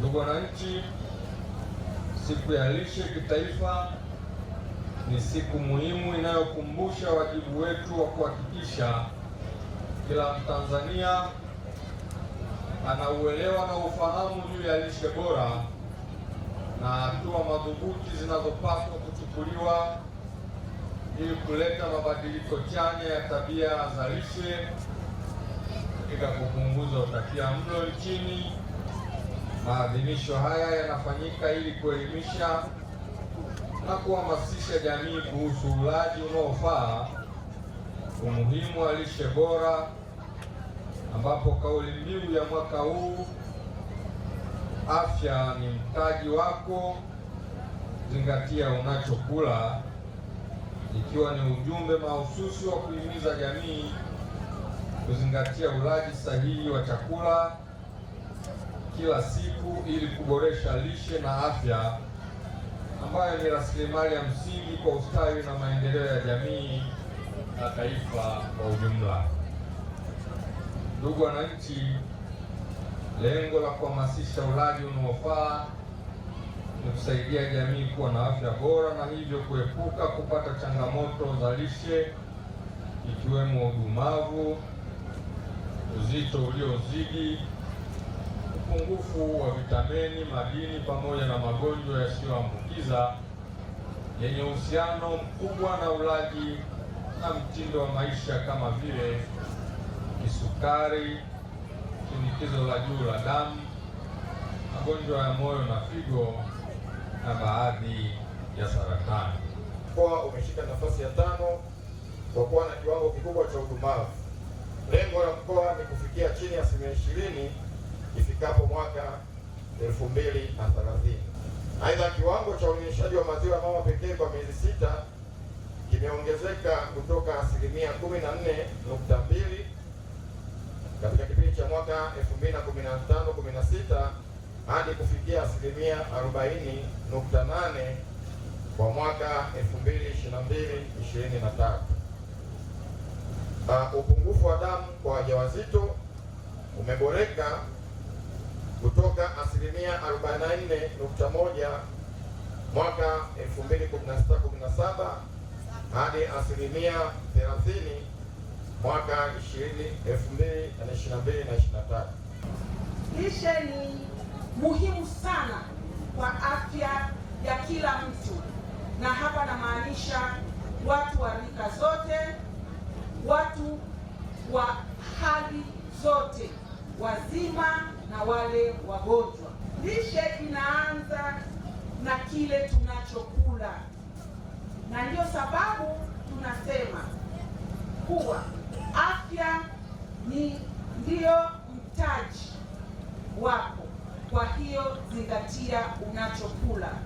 Ndugu wananchi, siku ya lishe kitaifa ni siku muhimu inayokumbusha wajibu wetu wa kuhakikisha kila Mtanzania anauelewa na ufahamu juu ya lishe bora na hatua madhubuti zinazopaswa kuchukuliwa ili kuleta mabadiliko chanya ya tabia za lishe katika kupunguza utapiamlo nchini Maadhimisho haya yanafanyika ili kuelimisha na kuhamasisha jamii kuhusu ulaji unaofaa, umuhimu wa lishe bora, ambapo kauli mbiu ya mwaka huu afya ni mtaji wako, zingatia unachokula, ikiwa ni ujumbe mahususi wa kuhimiza jamii kuzingatia ulaji sahihi wa chakula kila siku ili kuboresha lishe na afya ambayo ni rasilimali ya msingi kwa ustawi na maendeleo ya jamii na taifa kwa ujumla. Ndugu wananchi, lengo la kuhamasisha ulaji unaofaa ni kusaidia jamii kuwa na afya bora na hivyo kuepuka kupata changamoto za lishe ikiwemo udumavu, uzito uliozidi upungufu wa vitamini, madini pamoja na magonjwa yasiyoambukiza yenye uhusiano mkubwa na ulaji na mtindo wa maisha kama vile kisukari, shinikizo la juu la damu, magonjwa ya moyo na figo na baadhi ya saratani. Mkoa umeshika nafasi ya tano kwa kuwa na kiwango kikubwa cha udumavu. Lengo la mkoa ni kufikia chini ya asilimia ishirini ifikapo mwaka 2030. Aidha, kiwango cha unyonyeshaji wa maziwa ya mama pekee kwa miezi sita kimeongezeka kutoka asilimia 14.2 katika kipindi cha mwaka 2015-16 hadi kufikia asilimia 40.8 kwa mwaka 2022-2023. Uh, ah, upungufu wa damu kwa wajawazito umeboreka kutoka asilimia 44.1 mwaka 2016 2017 hadi asilimia 30 mwaka 2022 2023. Lishe ni muhimu sana kwa afya ya kila mtu, na hapa namaanisha watu wa rika zote, watu wa hali zote, wazima na wale wagonjwa. Lishe inaanza na kile tunachokula, na ndiyo sababu tunasema kuwa afya ni ndiyo mtaji wako. Kwa hiyo zingatia unachokula,